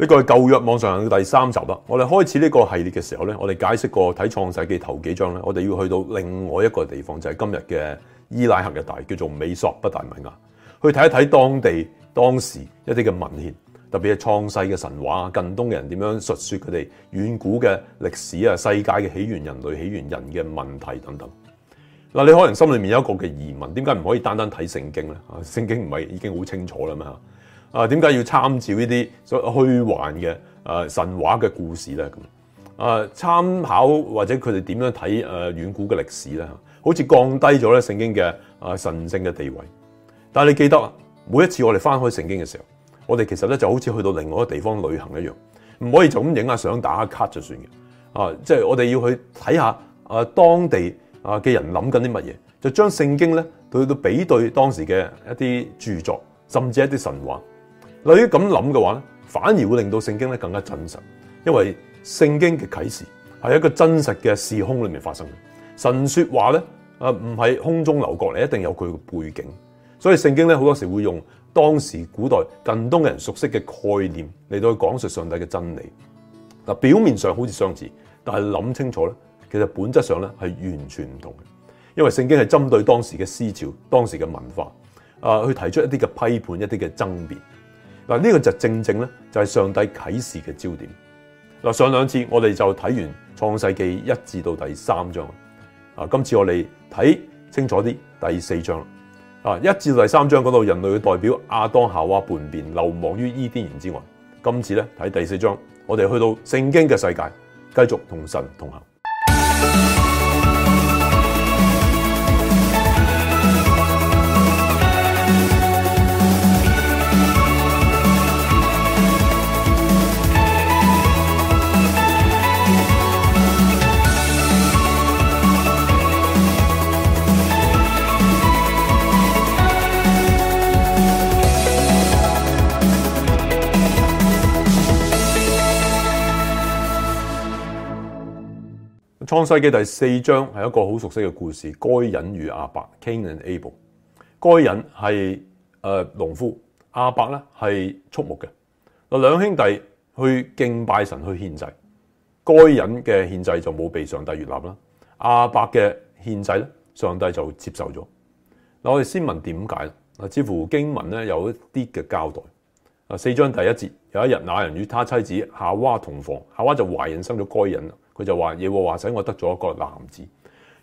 呢、個係舊約網上行嘅第三集啦。我哋開始呢個系列嘅時候呢，我哋解釋過睇創世記頭幾章呢，我哋要去到另外一個地方，就係今日嘅伊拉克嘅地叫做美索不達米亞，去睇一睇當地當時一啲嘅文獻，特別係創世嘅神話啊，近東嘅人點樣述説佢哋遠古嘅歷史啊，世界嘅起源、人類起源、人嘅問題等等。嗱，你可能心裏面有一個嘅疑問，點解唔可以單單睇聖經呢？聖經唔係已經好清楚啦咩？啊，點解要參照呢啲所虛幻嘅啊神話嘅故事咧？咁啊，參考或者佢哋點樣睇啊遠古嘅歷史咧？好似降低咗咧聖經嘅啊神聖嘅地位。但係你記得每一次我哋翻開聖經嘅時候，我哋其實咧就好似去到另外一個地方旅行一樣，唔可以就咁影下相打下卡就算嘅。啊，即係我哋要去睇下啊當地啊嘅人諗緊啲乜嘢，就將聖經咧對到比對當時嘅一啲著作，甚至一啲神話。例如咁諗嘅話咧，反而會令到聖經咧更加真實，因為聖經嘅啟示係一個真實嘅時空裏面發生嘅。神說話咧，誒唔係空中樓閣嚟，一定有佢嘅背景。所以聖經咧好多時候會用當時古代近東人熟悉嘅概念嚟到去講述上帝嘅真理。嗱，表面上好似相似，但係諗清楚咧，其實本質上咧係完全唔同嘅。因為聖經係針對當時嘅思潮、當時嘅文化，誒去提出一啲嘅批判、一啲嘅爭辯。嗱，呢個就正正咧，就係上帝啟示嘅焦點。嗱，上兩次我哋就睇完創世記一至到第三章，啊，今次我哋睇清楚啲第四章啊，一至到第三章講到人類嘅代表亞當夏娃叛變流亡於伊甸園之外，今次咧睇第四章，我哋去到聖經嘅世界，繼續同神同行。創世記第四章係一個好熟悉嘅故事，該隱與亞伯 （Cain and Abel）。該隱係誒、呃、農夫，亞伯咧係畜牧嘅。嗱，兩兄弟去敬拜神去獻祭，該隱嘅獻祭就冇被上帝悅納啦，亞伯嘅獻祭咧上帝就接受咗。嗱，我哋先問點解啊，似乎經文咧有一啲嘅交代。啊，四章第一節有一日那人與他妻子夏娃同房，夏娃就懷孕生咗該隱佢就話：耶和華使我得咗一個男子，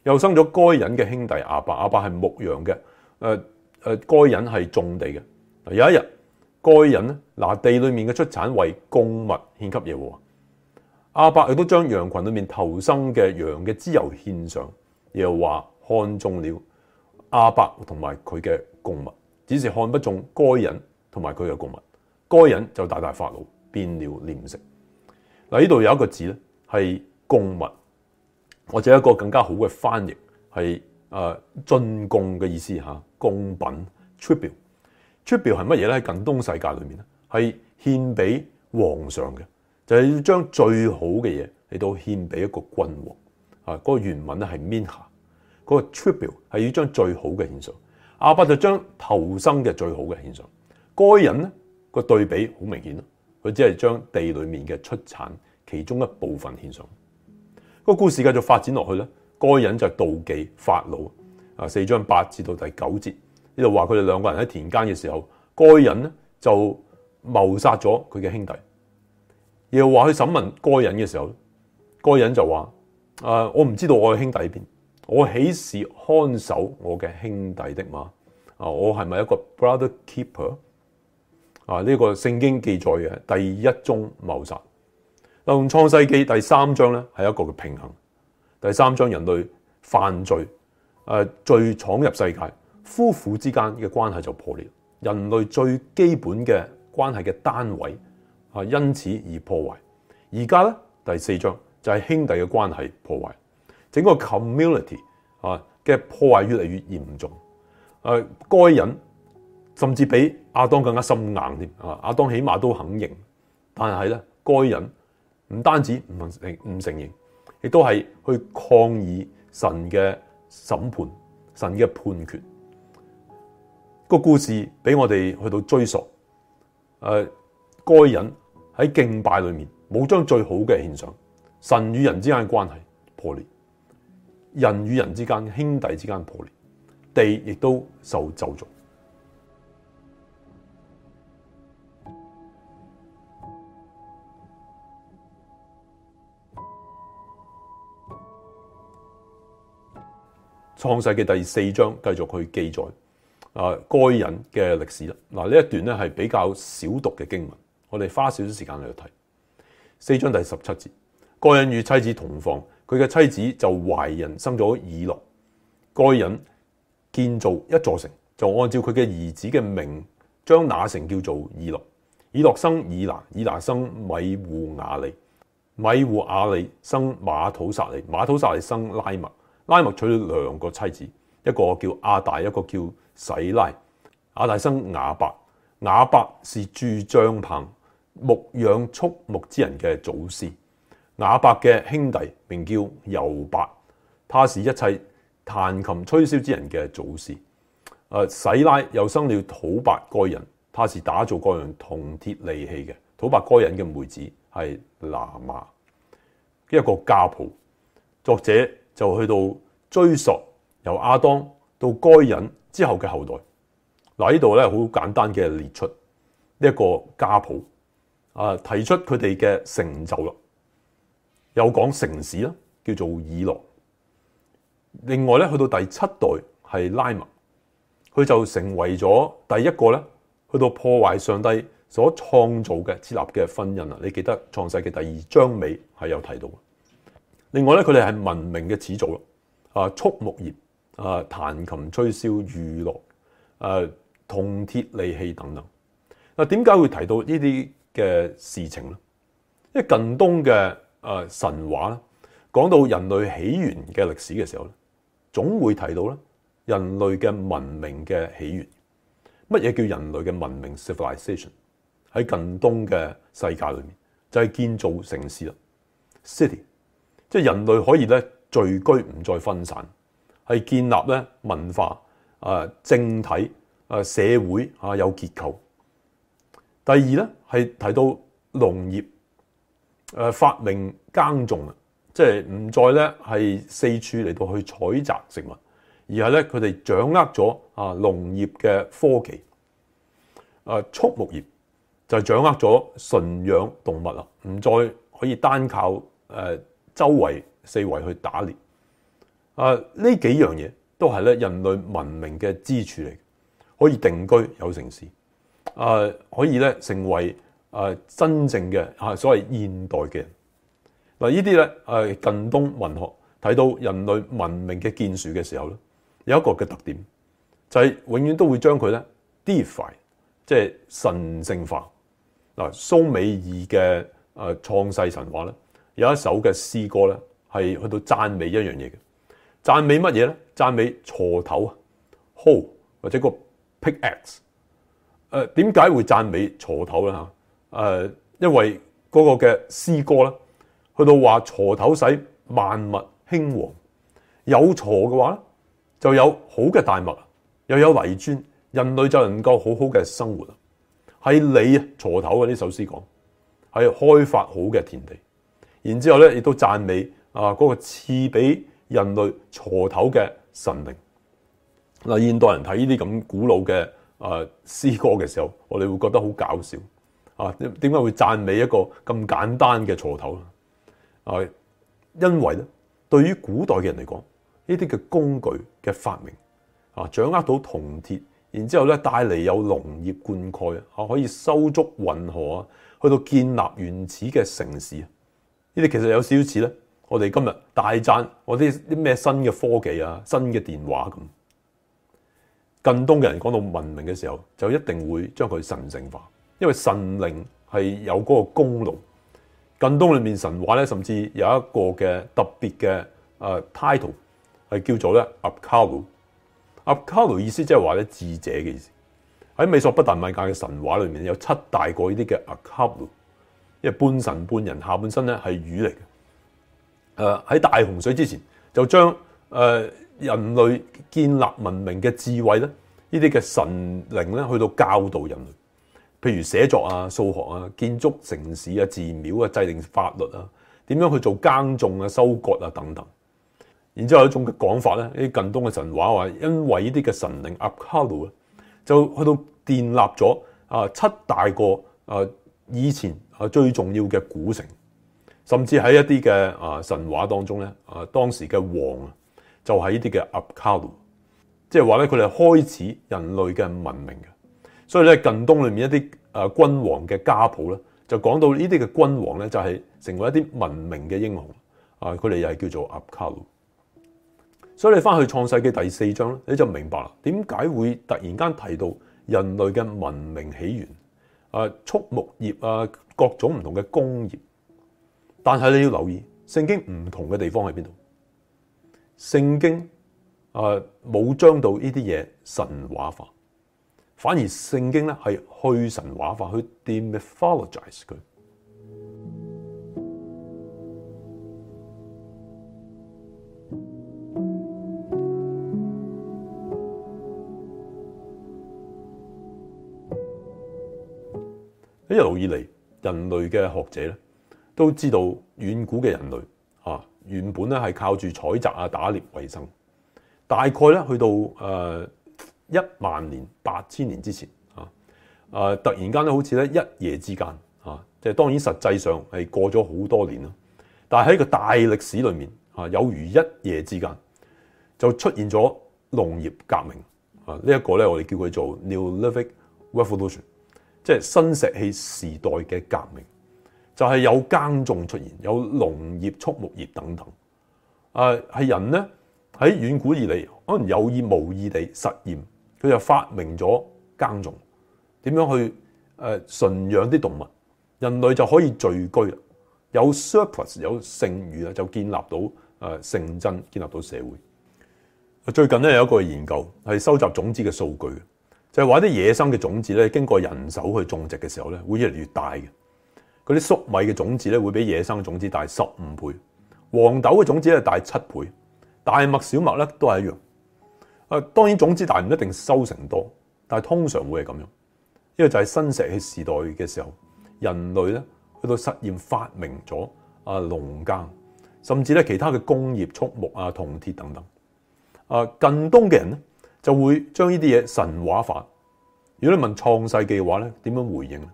又生咗該隱嘅兄弟亞伯。亞伯係牧羊嘅，誒、呃、誒、呃，該隱係種地嘅。有一日，該隱咧拿地裏面嘅出產為供物獻給耶和華。亞伯亦都將羊群裏面頭生嘅羊嘅脂油獻上，又話看中了亞伯同埋佢嘅供物，只是看不中該隱同埋佢嘅供物。該隱就大大發怒，變了臉色。嗱，呢度有一個字咧係。是貢物，或者一個更加好嘅翻譯係誒、呃、進貢嘅意思嚇，供品 tribute，tribute 係乜嘢咧？Tribute, Tribute 是是近東世界裏面咧係獻俾皇上嘅，就係、是、要將最好嘅嘢嚟到獻俾一個君王啊。嗰、那個原文咧係 minha，嗰個 tribute 係要將最好嘅獻上。阿伯就將頭生嘅最好嘅獻上，該隱咧個對比好明顯咯。佢只係將地裡面嘅出產其中一部分獻上。個故事繼續發展落去咧，該隱就妒忌法老。啊，四章八至到第九節，呢度話佢哋兩個人喺田間嘅時候，該隱呢就謀殺咗佢嘅兄弟。又話去審問該隱嘅時候，該隱就話：「我唔知道我嘅兄弟喺邊，我豈是看守我嘅兄弟的嘛。」啊，我係咪一個 brother keeper？啊，呢個聖經記載嘅第一宗謀殺。《創世記》第三章咧，係一個嘅平衡。第三章人類犯罪，誒罪闖入世界，夫婦之間嘅關係就破裂，人類最基本嘅關係嘅單位啊，因此而破壞。而家咧第四章就係兄弟嘅關係破壞，整個 community 啊嘅破壞越嚟越嚴重。誒、呃、該隱甚至比亞當更加心硬添啊！亞當起碼都肯認，但係咧該隱。唔單止唔承唔認，亦都係去抗議神嘅審判、神嘅判決。個故事俾我哋去到追溯，誒、呃，該隱喺敬拜裏面冇將最好嘅獻上，神與人之間嘅關係破裂，人與人之間兄弟之間破裂，地亦都受咒詛。創世嘅第四章繼續去記載啊該隱嘅歷史啦。嗱，呢一段咧，係比較少讀嘅經文，我哋花少少時間嚟睇。四章第十七節，該隱與妻子同房，佢嘅妻子就懷孕，生咗以諾。該隱建造一座城，就按照佢嘅兒子嘅名，將那城叫做以諾。以諾生以拿，以拿生米戶雅利，米戶雅利生馬土撒利，馬土撒利生拉麥。拉麥娶咗兩個妻子，一個叫阿大，一個叫洗拉。阿大生雅伯，雅伯是住帳棚牧養畜牧之人嘅祖師。雅伯嘅兄弟名叫尤伯，他是一切彈琴吹簫之人嘅祖師。誒，洗拉又生了土伯該人，他是打造各樣銅鐵利器嘅。土伯該人嘅妹子係喇嘛，一個家譜。作者。就去到追索由亞當到該隱之後嘅後代，嗱呢度咧好簡單嘅列出呢一、這個家譜，啊提出佢哋嘅成就啦，有講城市啦，叫做以諾。另外咧去到第七代係拉麥，佢就成為咗第一個咧去到破壞上帝所創造嘅設立嘅婚姻。你記得創世記第二章尾係有提到。另外咧，佢哋係文明嘅始祖啊，畜牧業，啊，彈琴吹簫娛樂，誒，銅鐵利器等等。嗱，點解會提到呢啲嘅事情咧？因為近東嘅誒神話咧，講到人類起源嘅歷史嘅時候咧，總會提到咧人類嘅文明嘅起源。乜嘢叫人類嘅文明 civilization？喺近東嘅世界裏面就係建造城市啦，city。即係人類可以咧聚居，唔再分散，係建立咧文化啊、政體啊、社會啊有結構。第二咧係提到農業，誒發明耕種啊，即係唔再咧係四處嚟到去採集食物，而係咧佢哋掌握咗啊農業嘅科技，誒畜牧業就是、掌握咗馴養動物啊，唔再可以單靠誒。周圍四圍去打獵，啊，呢幾樣嘢都係咧人類文明嘅支柱嚟，可以定居有城市，啊，可以咧成為真正嘅所謂現代嘅人。嗱，呢啲咧近東文學睇到人類文明嘅建樹嘅時候咧，有一個嘅特點就係永遠都會將佢咧 deify，即係神聖化。嗱，蘇美爾嘅誒創世神話咧。有一首嘅詩歌咧，係去到讚美一樣嘢嘅。讚美乜嘢咧？讚美鋤頭啊，hoe 或者個 pickaxe。誒點解會讚美鋤頭咧？嚇、呃、因為嗰個嘅詩歌咧，去到話鋤頭使萬物興旺，有鋤嘅話咧就有好嘅大麥，又有泥磚，人類就能夠好好嘅生活。係你啊，鋤頭啊！呢首詩講係開發好嘅田地。然之後咧，亦都讚美啊嗰個賜俾人類鋤頭嘅神靈嗱。現代人睇呢啲咁古老嘅啊詩歌嘅時候，我哋會覺得好搞笑啊！點解會讚美一個咁簡單嘅鋤頭啊，因為咧，對於古代嘅人嚟講，呢啲嘅工具嘅發明啊，掌握到銅鐵，然之後咧帶嚟有農業灌溉啊，可以修築運河啊，去到建立原始嘅城市。呢啲其實有少少似咧，我哋今日大讚我啲啲咩新嘅科技啊、新嘅電話咁。近東嘅人講到文明嘅時候，就一定會將佢神聖化，因為神靈係有嗰個功勞。近東裏面神話咧，甚至有一個嘅特別嘅 title 係叫做咧 Akhalu。Akhalu 意思即係話咧智者嘅意思。喺美索不達米亞嘅神話裏面，有七大個呢啲嘅 Akhalu 即半神半人，下半身咧係魚嚟嘅。誒喺大洪水之前，就將誒人類建立文明嘅智慧咧，呢啲嘅神靈咧，去到教導人類，譬如寫作啊、數學啊、建築城市啊、寺廟啊、制定法律啊、點樣去做耕種啊、收割啊等等。然之後有一種嘅講法咧，啲近東嘅神話話，因為呢啲嘅神靈 upcall 咧，就去到建立咗啊七大個誒。以前啊最重要嘅古城，甚至喺一啲嘅啊神話當中咧，啊當時嘅王啊就喺呢啲嘅阿卡路，即係話咧佢哋開始人類嘅文明嘅。所以咧近東裏面一啲君王嘅家譜咧，就講到呢啲嘅君王咧就係成為一啲文明嘅英雄啊！佢哋又係叫做阿卡路。所以你翻去創世記第四章咧，你就明白啦，點解會突然間提到人類嘅文明起源？誒，畜牧業啊，各種唔同嘅工業，但係你要留意，聖經唔同嘅地方喺邊度？聖經誒，冇將到呢啲嘢神話化，反而聖經咧係去神話化，去 demythologize 佢。一路以嚟，人類嘅學者咧都知道，遠古嘅人類啊，原本咧係靠住採集、啊、打獵為生。大概咧去到誒、呃、一萬年、八千年之前啊，誒突然間咧，好似咧一夜之間啊，即係當然實際上係過咗好多年啦。但係喺個大歷史裏面啊，有如一夜之間就出現咗農業革命啊！呢、這、一個咧，我哋叫佢做 Neolithic Revolution。即係新石器時代嘅革命，就係、是、有耕種出現，有農業、畜牧業等等。誒、呃、係人咧喺遠古以嚟，可能有意無意地實驗，佢就發明咗耕種，點樣去誒馴、呃、養啲動物，人類就可以聚居啦，有 surplus 有剩餘，啦，就建立到誒城鎮，建立到社會。最近咧有一個研究係收集種子嘅數據。就係話啲野生嘅種子咧，經過人手去種植嘅時候咧，會越嚟越大嘅。啲粟米嘅種子咧，會比野生嘅種子大十五倍；黃豆嘅種子咧，大七倍；大麥、小麥咧，都係一樣。啊，當然種子大唔一定收成多，但係通常會係咁樣。因為就係新石器時代嘅時候，人類咧去到實驗發明咗啊農耕，甚至咧其他嘅工業畜牧啊銅鐵等等。啊，近東嘅人咧。就會將呢啲嘢神話化。如果你問創世記的話咧，點樣回應咧？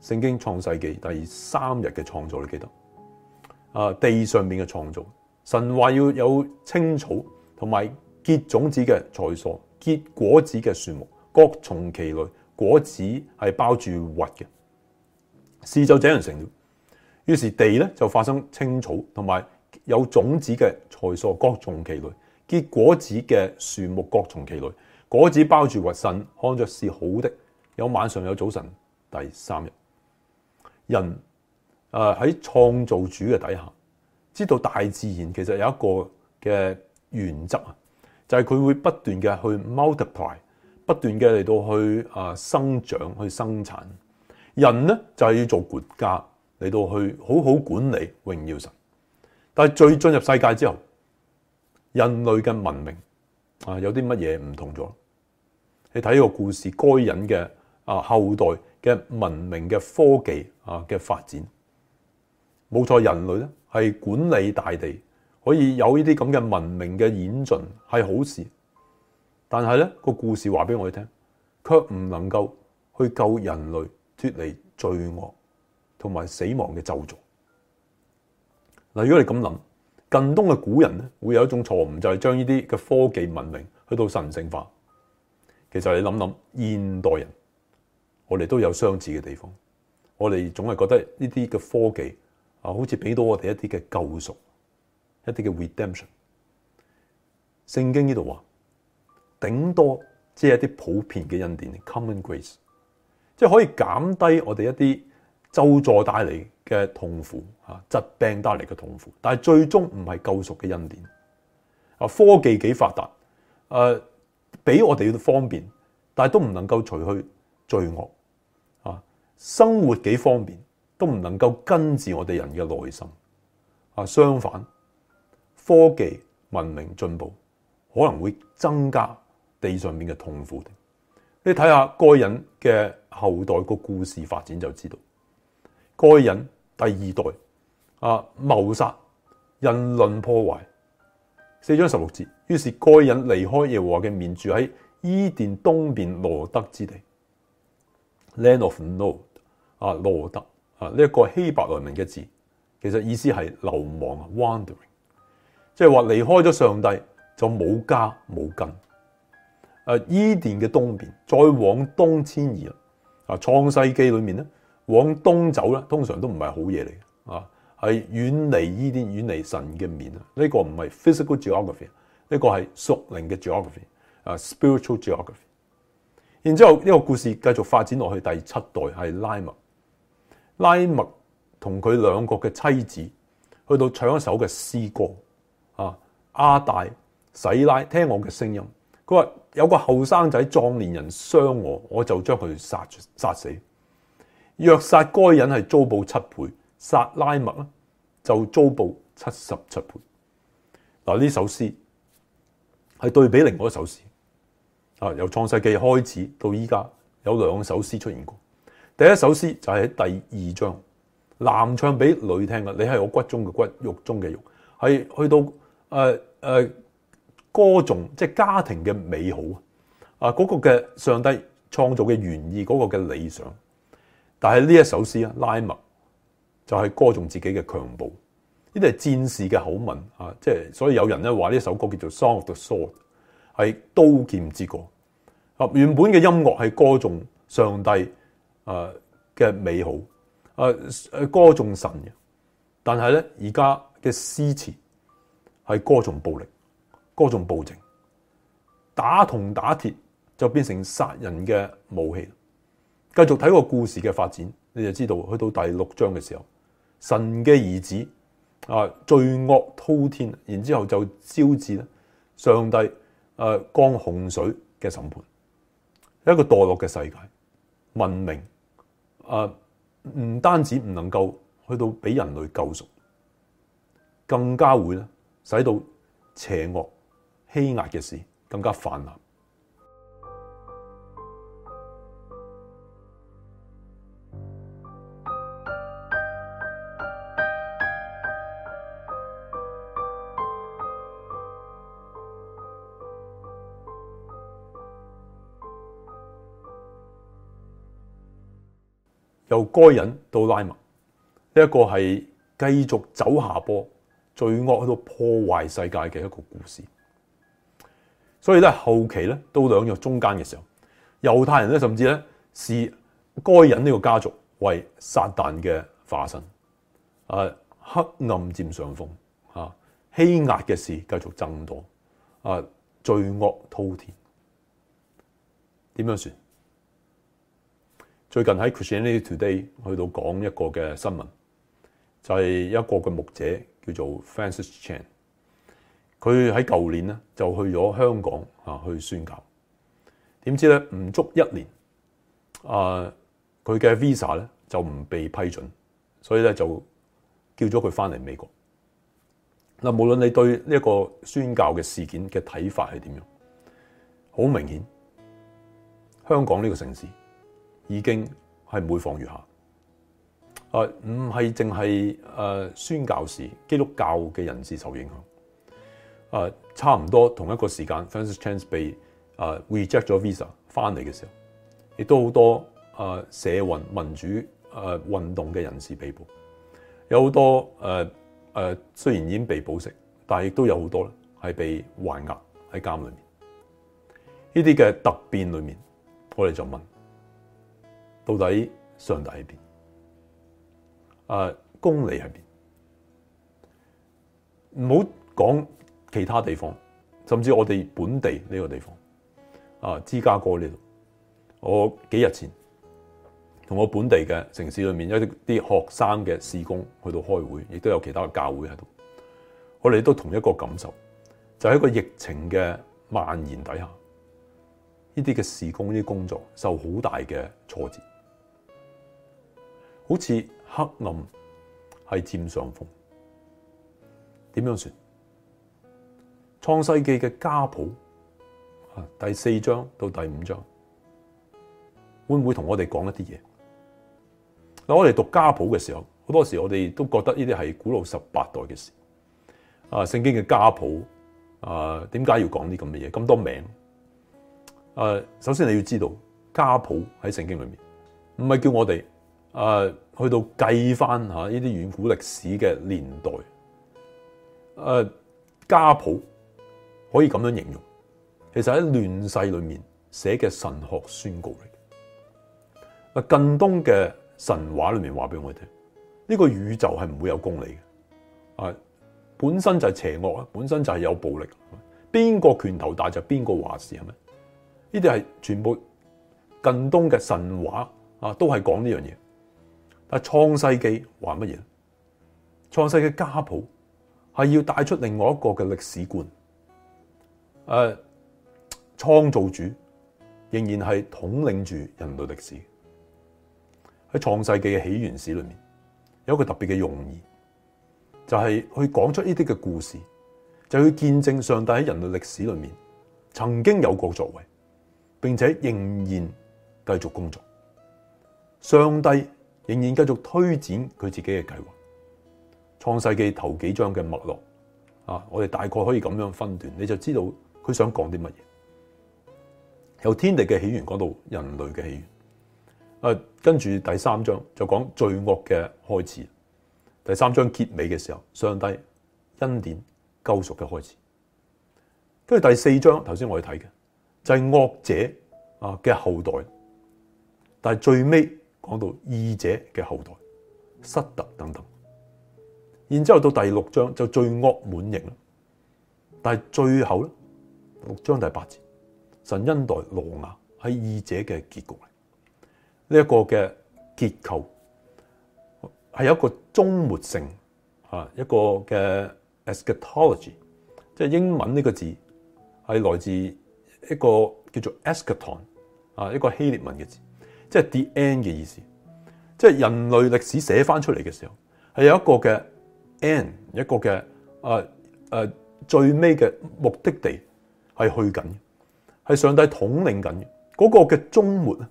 聖經創世記第三日嘅創造，你記得啊？地上面嘅創造，神說要有青草同埋結種子嘅菜蔬，結果子嘅樹木，各從其類，果子係包住核嘅。事就這樣成了。於是地咧就發生青草同埋有種子嘅菜蔬，各從其類，結果子嘅樹木各從其類，果子包住核腎，看着是好的。有晚上，有早晨。第三日，人喺創造主嘅底下，知道大自然其實有一個嘅原則啊，就係佢會不斷嘅去 multiply，不斷嘅嚟到去啊，生長去生產。人呢就係要做國家嚟到去好好管理，榮耀神。但係罪進入世界之後。人類嘅文明啊，有啲乜嘢唔同咗？你睇個故事，該隱嘅啊後代嘅文明嘅科技啊嘅發展，冇錯，人類咧係管理大地，可以有呢啲咁嘅文明嘅演進係好事。但係咧個故事話俾我哋聽，卻唔能夠去救人類脫離罪惡同埋死亡嘅咒詛。嗱，如果你咁諗。近東嘅古人咧，會有一種錯誤，就係、是、將呢啲嘅科技文明去到神聖化。其實你諗諗，現代人我哋都有相似嘅地方，我哋總係覺得呢啲嘅科技啊，好似俾到我哋一啲嘅救贖，一啲嘅 redemption。聖經呢度話，頂多即係一啲普遍嘅恩典 （common grace），即係可以減低我哋一啲。咒詛帶嚟嘅痛苦，啊，疾病帶嚟嘅痛苦，但係最終唔係救贖嘅恩典啊。科技幾發達，誒，俾我哋方便，但係都唔能夠除去罪惡啊。生活幾方便，都唔能夠根治我哋人嘅內心啊。相反，科技文明進步可能會增加地上面嘅痛苦。你睇下該隱嘅後代個故事發展，就知道。該隱第二代啊，謀殺、人倫破壞，四章十六節。於是該隱離開耶和華嘅面，住喺伊甸東邊羅德之地 （Land of Nod）。啊，羅德啊，呢、這、一個希伯來文嘅字，其實意思係流亡啊 （wandering）。即係話離開咗上帝就冇家冇根。誒，伊甸嘅東邊，再往東遷移啦。啊，創世記裏面咧。往東走咧，通常都唔係好嘢嚟嘅，啊，係遠離呢啲遠離神嘅面啊！呢個唔係 physical geography，呢個係屬靈嘅 geography，啊 spiritual geography。然之後呢個故事繼續發展落去，第七代係拉麥，拉麥同佢兩個嘅妻子去到唱一首嘅詩歌，啊，亞大洗拉聽我嘅聲音，佢話有個後生仔壯年人傷我，我就將佢殺殺死。若殺該隱係遭報七倍，殺拉麥啦就遭報七十七倍。嗱，呢首詩係對比另外一首詩啊。由創世記開始到依家有兩首詩出現過。第一首詩就係喺第二章男唱俾女聽嘅，你係我骨中嘅骨，肉中嘅肉，係去到誒誒、呃呃、歌頌即係家庭嘅美好啊。嗰、那個嘅上帝創造嘅原意，嗰、那個嘅理想。但係呢一首詩啊，拉麥就係、是、歌頌自己嘅強暴，呢啲係戰士嘅口吻啊，即係所以有人咧話呢一首歌叫做《Song of the Sword》係刀劍之歌。啊，原本嘅音樂係歌頌上帝誒嘅美好誒誒，歌頌神嘅，但係咧而家嘅詩詞係歌頌暴力、歌頌暴政，打銅打鐵就變成殺人嘅武器。繼續睇個故事嘅發展，你就知道去到第六章嘅時候，神嘅兒子啊罪惡滔天，然之後就招致咧上帝誒降、啊、洪水嘅審判，一個墮落嘅世界文明誒唔、啊、單止唔能夠去到俾人類救贖，更加會咧使到邪惡欺壓嘅事更加泛濫。由該隱到拉麥，呢、這、一個係繼續走下坡，罪惡喺度破壞世界嘅一個故事。所以咧後期咧到兩約中間嘅時候，猶太人咧甚至咧視該隱呢個家族為撒旦嘅化身。啊，黑暗佔上風啊，欺壓嘅事繼續增多啊，罪惡滔天，點樣算？最近喺 Christianity Today 去到講一個嘅新聞，就係一個嘅牧者叫做 Francis Chan，佢喺舊年咧就去咗香港啊去宣教，點知咧唔足一年，啊佢嘅 visa 咧就唔被批准，所以咧就叫咗佢翻嚟美國。嗱，無論你對呢一個宣教嘅事件嘅睇法係點樣，好明顯，香港呢個城市。已經係唔會放軟下，誒唔係淨係宣教士、基督教嘅人士受影響，呃，差唔多同一個時間，Francis Chance 被、呃、reject 咗 visa 翻嚟嘅時候，亦都好多、呃、社運民主誒運、呃、動嘅人士被捕，有好多誒、呃呃、雖然已經被保釋，但係亦都有好多咧係被還押喺監裏面。呢啲嘅突變裏面，我哋就問。到底上帝喺邊？啊，公理喺邊？唔好講其他地方，甚至我哋本地呢個地方，啊，芝加哥呢度，我幾日前同我本地嘅城市裏面一啲學生嘅事工去到開會，亦都有其他嘅教會喺度，我哋都同一個感受，就喺個疫情嘅蔓延底下，呢啲嘅事工呢啲工作受好大嘅挫折。好似黑暗係占上風，點樣算？創世記嘅家譜啊，第四章到第五章會唔會同我哋講一啲嘢？嗱，我哋讀家譜嘅時候，好多時我哋都覺得呢啲係古老十八代嘅事。啊，聖經嘅家譜啊，點解要講啲咁嘅嘢？咁多名誒，啊，首先你要知道家譜喺聖經裏面唔係叫我哋。誒、啊、去到計翻吓呢啲遠古歷史嘅年代，誒、啊、家譜可以咁樣形容。其實喺亂世裏面寫嘅神學宣告嚟嘅。啊，近東嘅神話裏面話俾我哋聽，呢、呢個宇宙係唔會有公理嘅。啊，本身就係邪惡啊，本身就係有暴力。邊個拳頭大就邊個話事，係咪？呢啲係全部近東嘅神話啊，都係講呢樣嘢。創、啊、世紀玩乜嘢？創世嘅家譜係要帶出另外一個嘅歷史觀。誒、啊，創造主仍然係統領住人類歷史。喺創世紀嘅起源史裏面有一個特別嘅用意，就係、是、去講出呢啲嘅故事，就去見證上帝喺人類歷史裏面曾經有過作為，並且仍然繼續工作，上帝，仍然繼續推展佢自己嘅計劃，《創世紀》頭幾章嘅脈絡啊，我哋大概可以咁樣分段，你就知道佢想講啲乜嘢。由天地嘅起源講到人類嘅起源，誒、啊，跟住第三章就講罪惡嘅開始。第三章結尾嘅時候，上帝恩典救贖嘅開始。跟住第四章，頭先我哋睇嘅就係、是、惡者啊嘅後代，但係最尾。講到義者嘅後代、失德等等，然之後到第六章就罪惡滿盈啦。但係最後咧，六章第八節，神恩待挪亞係義者嘅結局嚟。呢、這個、一個嘅結構係有一個終末性啊，一個嘅 eschatology，即係英文呢個字係來自一個叫做 eschaton 啊，一個希臘文嘅字。即係 the end 嘅意思，即係人類歷史寫翻出嚟嘅時候，係有一個嘅 end 一個嘅誒誒最尾嘅目的地係去緊，係上帝統領緊嗰、那個嘅終末咧，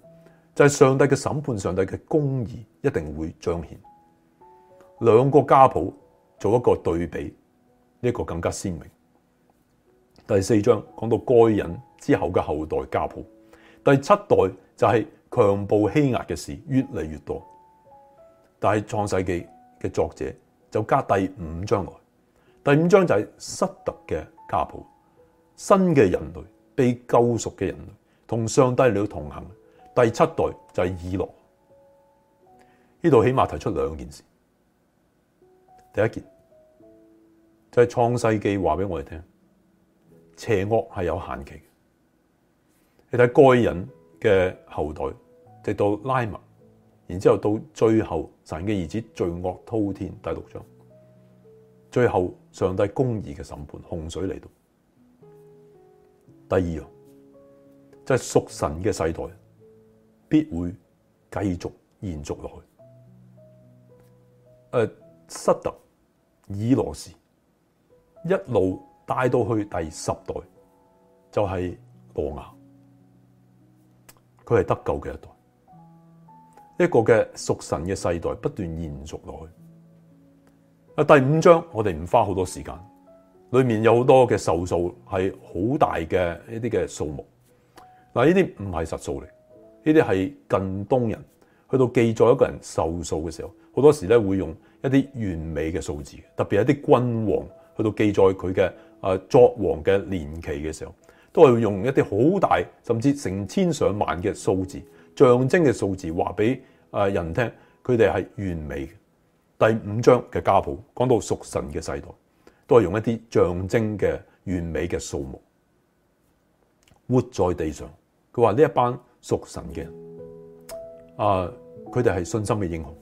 就係、是、上帝嘅審判，上帝嘅公義一定會彰顯。兩個家譜做一個對比，呢、這個更加鮮明。第四章講到該隱之後嘅後代家譜，第七代就係、是。強暴欺壓嘅事越嚟越多，但係創世記嘅作者就加第五章來，第五章就係失德嘅家譜，新嘅人類被救贖嘅人類同上帝了同行，第七代就係以諾，呢度起碼提出兩件事，第一件就係、是、創世記話俾我哋聽，邪惡係有限期嘅，你睇該隱嘅後代，直到拉麥，然之後到最後神嘅兒子罪惡滔天，第六章，最後上帝公義嘅審判，洪水嚟到。第二啊，就係、是、屬神嘅世代，必會繼續延續落去。誒、啊，塞特、以挪士一路帶到去第十代，就係挪亞。佢係得救嘅一代，一個嘅屬神嘅世代不斷延續落去。啊，第五章我哋唔花好多時間，裏面有好多嘅壽數係好大嘅一啲嘅數目。嗱，呢啲唔係實數嚟，呢啲係近東人去到記載一個人壽數嘅時候，好多時咧會用一啲完美嘅數字，特別係啲君王去到記載佢嘅啊作王嘅年期嘅時候，都係用一啲好大，甚至成千上萬嘅數字，象徵嘅數字，話俾人聽，佢哋係完美的。第五章嘅家譜講到屬神嘅世代，都係用一啲象徵嘅完美嘅數目，活在地上。佢話呢一班屬神嘅人啊，佢哋係信心嘅英雄。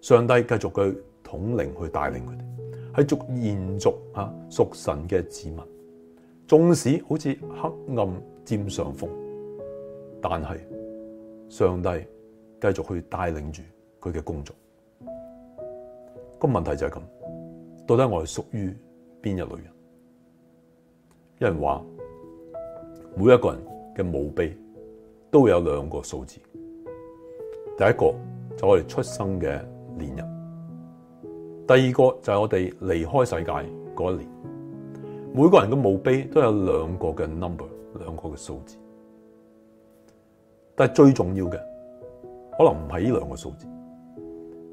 上帝繼續去統領去帶領佢哋，繼續延續啊屬神嘅子民。縱使好似黑暗佔上風，但係上帝繼續去帶領住佢嘅工作。個問題就係咁，到底我哋屬於邊一類人？有人話，每一個人嘅墓碑都有兩個數字，第一個就係我哋出生嘅年日，第二個就係我哋離開世界嗰一年。每個人嘅墓碑都有兩個嘅 number，兩個嘅數字，但係最重要嘅可能唔係呢兩個數字，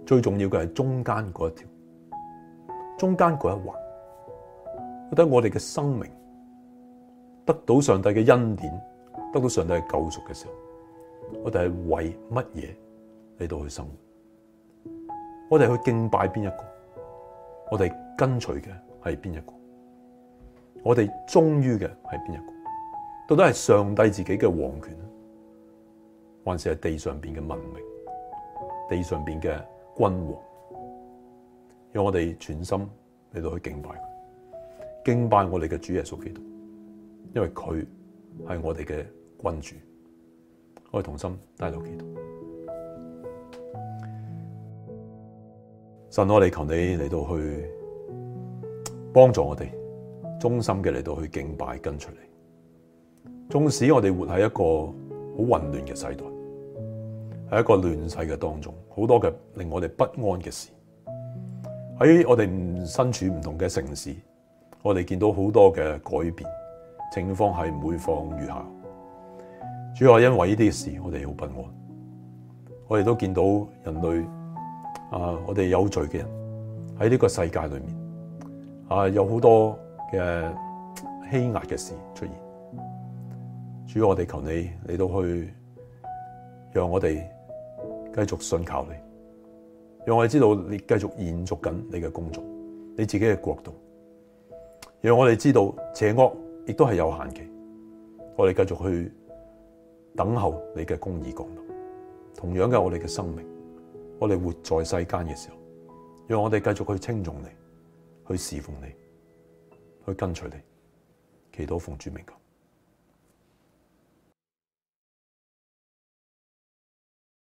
最重要嘅係中間嗰一條，中間嗰一環。覺得我哋嘅生命得到上帝嘅恩典，得到上帝嘅救贖嘅時候，我哋係為乜嘢嚟到去生活？我哋去敬拜邊一個？我哋跟隨嘅係邊一個？我哋忠於嘅係邊一個？到底係上帝自己嘅王權，還是係地上邊嘅文明、地上邊嘅君王？讓我哋全心嚟到去敬拜佢，敬拜我哋嘅主耶穌基督，因為佢係我哋嘅君主。我哋同心帶到基督。神，我哋求你嚟到去幫助我哋。衷心嘅嚟到去敬拜跟出嚟，縱使我哋活喺一個好混亂嘅世代，喺一個亂世嘅當中，好多嘅令我哋不安嘅事。喺我哋身處唔同嘅城市，我哋見到好多嘅改變，情況係每況愈下。主要係因為呢啲事，我哋好不安。我哋都見到人類啊，我哋有罪嘅人喺呢個世界裏面啊，有好多嘅欺壓嘅事出現，主我哋求你你都去，讓我哋繼續信靠你，讓我哋知道你繼續延續緊你嘅工作，你自己嘅國度，讓我哋知道邪惡亦都係有限期。我哋繼續去等候你嘅公義降臨。同樣嘅，我哋嘅生命，我哋活在世間嘅時候，讓我哋繼續去尊重你，去侍奉你。去跟隨你，祈禱奉主名講。